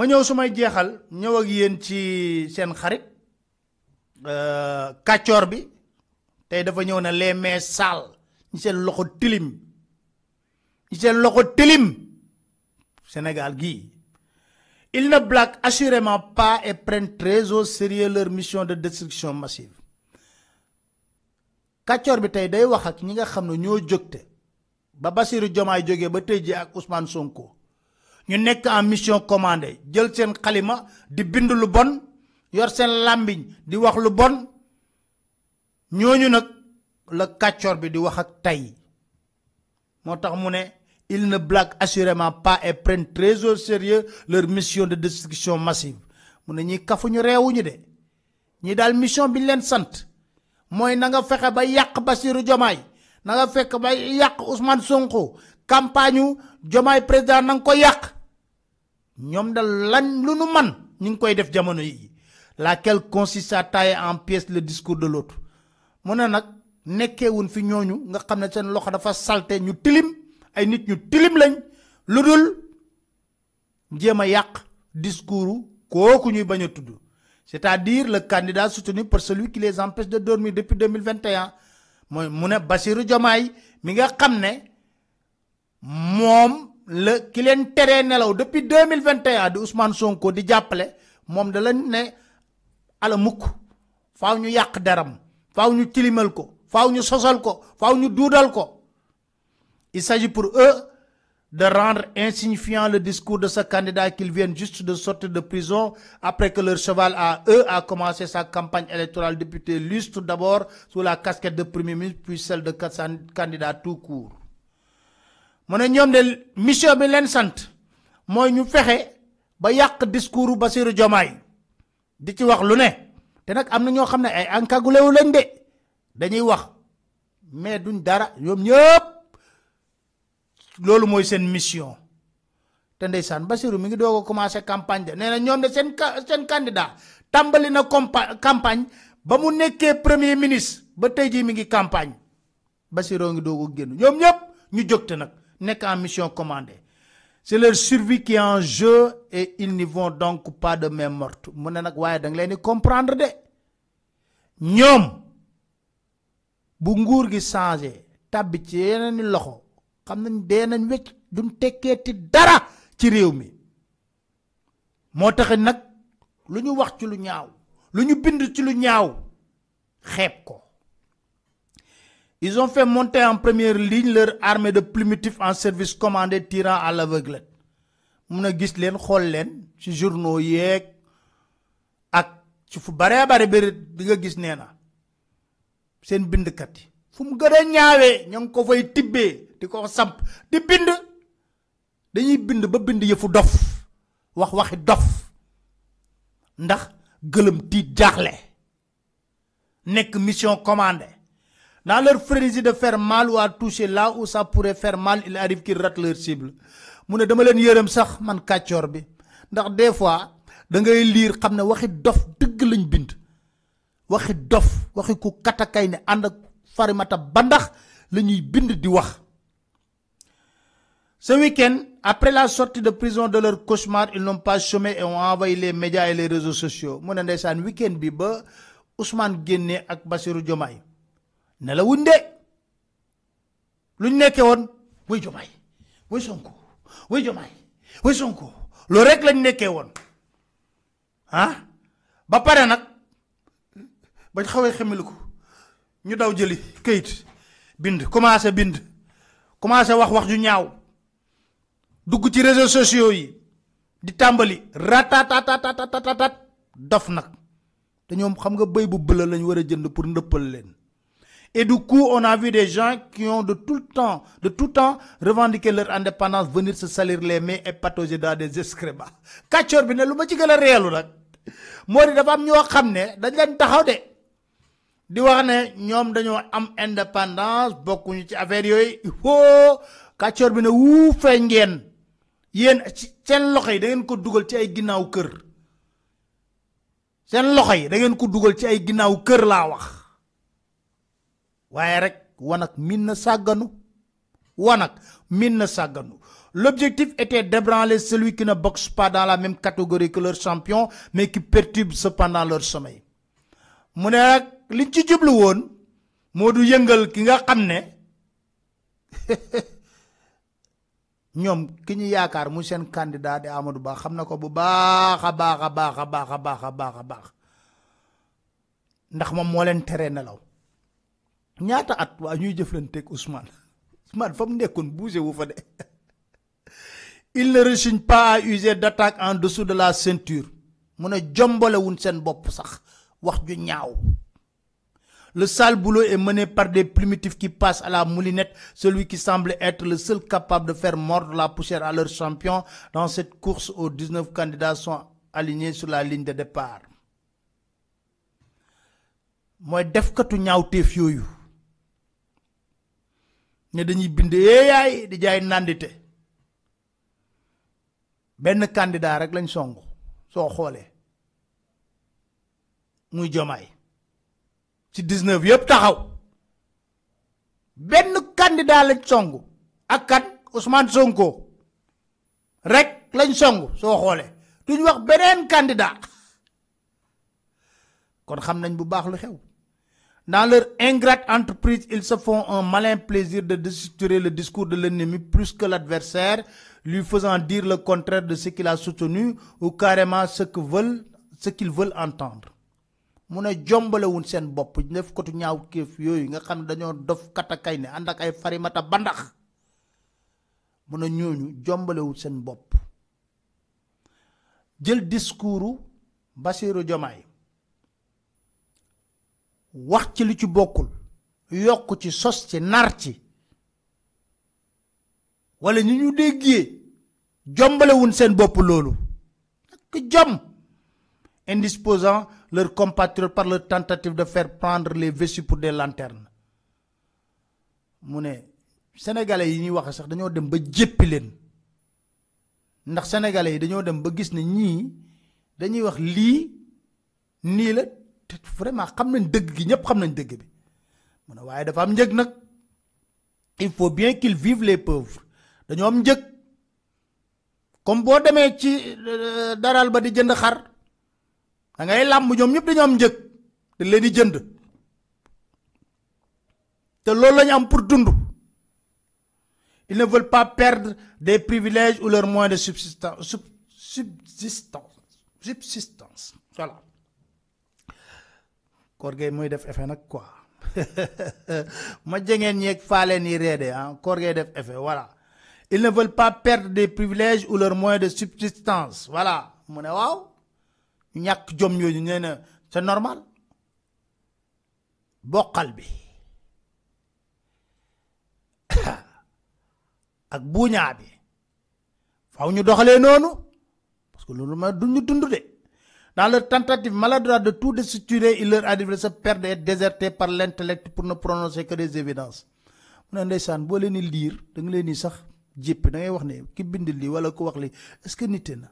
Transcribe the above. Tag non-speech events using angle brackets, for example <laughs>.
ma ñëw su may jeexal ñëw ak yéen ci seen xarit euh, kàccoor bi tey dafa ñëw na les mains sales ñi seen loxo tilim ñi seen loxo tilim Sénégal gii il na blaguent assurément pas et prennent très au sérieux leur mission de destruction massive kàccoor bi tey day wax ak ñi nga xam ne ñoo jógte ba Bassirou Diomaye jógee ba tey ji ak Ousmane Sonko ñu nekk en mission commandé jël seen xalima di bind lu bon yor seen làmmiñ di wax lu bon ñooñu nag la kàccoor bi di wax ak tey moo tax mu ne ils na blaguent assurément pas et prennent très sérieux leur mission de destruction massive mu ne ñi kafu kafuñu reewuñu de ñi daal mission bi ñu leen sant mooy nanga fexe ba yàq Bassirou Diomaye na nga fekk ba yàq Ousmane Sonko campagne u Diomaye président na nga ko yàq ñoom da lan lu nu man ñu ngi koy def jamono yi la consiste à tailler en pièces le discours de l'autre mu ne nag nekkeewuñ fi ñooñu nga xam ne seen loxo dafa salte ñu tilim ay nit ñu tilim lañ lu dul jéem a yàq discours kooku ñuy bañ a tudd c'est-à-dire le candidat soutenu par celui qui les empêche de dormir depuis 2021 mooy mu ne Bassirou jamaay mi nga xam ne moom la ki leen teree nelaw depuis deux mille vingt et un di Ousmane Sonko di jàppale moom dala ne ala mukk faaw ñu yàq deram faaw ñu tilimal ko faaw ñu sosal ko faaw ñu duudal ko il s'agit pour eux de rendre insignifiant le discours de ce candidat qu'ils viennent juste de sortir de prison après que leur cheval à eux a commencé sa campagne électorale député lustre d'abord sous la casquette de premier ministre puis celle de candidat tout mu ne ñoom de mission bi leen sant mooy ñu fexe ba yàq discours Bassirou Diomaye di ci wax lu ne te nag am na ñoo xam ne ay ankagulewu lañ de dañuy wax mais duñ dara ñoom ñëpp loolu mooy seen mission te ndeysaan Bassirou mi ngi doog a commencé campagne de nee na ñoom de seen seen candidat tàmbali na compa campagne ba mu nekkee premier ministre ba tey jii mi ngi campagne Bassiroo ngi doog a génn ñoom ñëpp ñu jógte nag nekk en mission commandé c'est leur survie qui en jeu et ils donc pas de main morte mu ne nag waaye da leen di comprendre de ñoom bu nguur gi changé tàbbi ci yeneen loxo xam nañ dee nañ wecc duñ ti dara ci réew mi moo taxit nag lu ñu wax ci lu ñaaw lu ñu bind ci lu ñaaw xeeb ko Ils ont fait monter en première ligne leur armée de primitifs en service commandé tirant à l'aveuglette mun a gis leen xool leen ci journaux yeeg ak ci fu baree bare bi di nga gis nee na seen bindkat yi fu mu gën a ñaawee ña ngi ko fay tibbee di ko samp di bind dañuy bind ba bind yëfu dof wax waxi dof ndax gëlëm tiit jaaxle nekk mission commandée Dans leur frénésie de faire mal ou à toucher là où ça pourrait faire mal il arrive qu'ils ratent leur cible mu ne dama leen yërëm sax man kàccoor bi ndax des fois da ngay liir xam ne waxi dof dëgg lañu bind waxit dof waxi ku katakay ne ànd ak farimata bandax la ñuy bind di wax. Ce week après la sortie de prison de leur cauchemar ils n'ont pas chômé et ont envoyé les médias et les réseaux sociaux mu bi ba Ousmane génnee ak Bassirou Diomaye. ne la wuñ de luñ nekkee woon way jomaay way sonko way jomaay way sonko loolu rek lañ nekkee woon ah ba pare nag bañ xawee xemiliku ñu daw jëli këyit bind commencé bind commencé wax wax ju ñaaw dugg ci réseaux sociaux yi di tàmbali ratatatatatatat dof nag te ñoom xam nga bëy bu bëla lañ war a jënd pour ndëppal leen Et du coup, on a vu des gens qui de tout le temps, de tout temps, revendiqué leur indépendance, venir se salir les mais et patauger dans des ba kàccoor bi ne lu ma ci gën a réelu nag moo di dafa am ñoo xam ne dañ leen taxaw de di wax ne ñoom dañoo am indépendance bokkuñu ci affaire yooyu hoo kàccoor bi ne wuu feeñ ngeen yéen ci seen loxo yi da ngeen ko dugal ci ay ginnaaw kër seen loxo yi da ngeen ko dugal ci ay ginnaaw kër laa wax. waaye rek wanag miin na sàgganu wanag miin na sàgganu l'objectif était d'ébranler celui qui na boxe pas la même catégorie que leur champion mais qui perturbe cependant leur sommeil mu ne rek li ci jublu woon moo du yëngal ki nga xam ne <laughs> ñoom ki ñu yaakaar mu seen candidat di Amadou Ba xam na ko bu baax a baax a baax a baax a baax a baax a baax ndax moom moo leen tere nelaw ñaata at waa ñuy jëflanteeg Ousmane <laughs> Ousmane fa mu nekkoon bougé wu fa de <laughs> il ne rechigne pas à user d'attaque en dessous de la ceinture mu ne jombalewuñ seen bopp sax wax ju ñaaw le sale boulot est mené par des primitifs qui passent à la moulinette celui qui semble être le seul capable de faire mordre la poussière à leur champion dans cette course où 19 candidats sont alignés sur la ligne de départ mooy defkatu ñaawteef yooyu ne dañuy bind yaay di jaay nàndite benn kàndidaa rek lañ song soo xoolee muy jomaay ci 19 yëpp taxaw benn kàndidaa lañ songu ak kat Ousmane Sonko rek lañ songu soo xoolee duñ wax beneen candidat kon xam nañ bu baax lu xew Dans leur ingrate entreprise, ils se font un malin plaisir de déstructurer le discours de l'ennemi plus que l'adversaire, lui faisant dire le contraire de ce qu'il a soutenu ou carrément ce qu'ils veulent, ce qu'ils veulent entendre. mu ne seen bopp def kotu ñaaw kéef yooyu nga xam ne dañoo dof katakay ne ànd ak ay farimata bandax mu ne ñooñu jombalewul seen bopp jël discours Bassirou Diomaye wax ci lu ci bokkul yokk ci sos ci nar ci wala ñu ñu déggee jombalewuñ seen bopp loolu ak jom indisposant leur compatriotes par leur tentative de faire prendre les vessies pour des lanternes mu ne sénégalais yi ñuy wax sax dañoo dem ba jéppi leen ndax sénégalais yi dañoo dem ba gis ne ñii dañuy wax lii nii la te xam nañ dëgg gi ñëpp xam nañ dëgg bi mu ne waaye dafa am njëg nag il faut bien qu'ils vivent les pauvres dañoo am njëg comme boo demee ci euh, daral ba di jënd xar da ngay làmb ñoom ñëpp dañoo am njëg te leen di jënd te loolu lañu am pour dund ils ne veulent pas perdre des privilèges ou leurs moyens de subsistance subsistance koor gee muy def effet nag quoi <laughs> ma jegeen ñeeg faaleen yi reede ah koor gee def effet voilà ils ne veulent pas perdre des privilèges ou leurs moyens de subsistance voilà mu ne waaw ñàkk jom yooyu nee na c'est normal boqal bi <coughs> ak buuñaa bi faw ñu doxalee noonu parce que loolu ma duñu dund de Dans leur tentative maladroite de tout destituer, il leur arrive de se perdre et être déserté par l'intellect pour ne prononcer que des évidences. mu ne ndeysaan boo leen di liir danga leen di sax jéppi da ngay wax ne ki bind lii wala ko wax lii est-ce que nite na.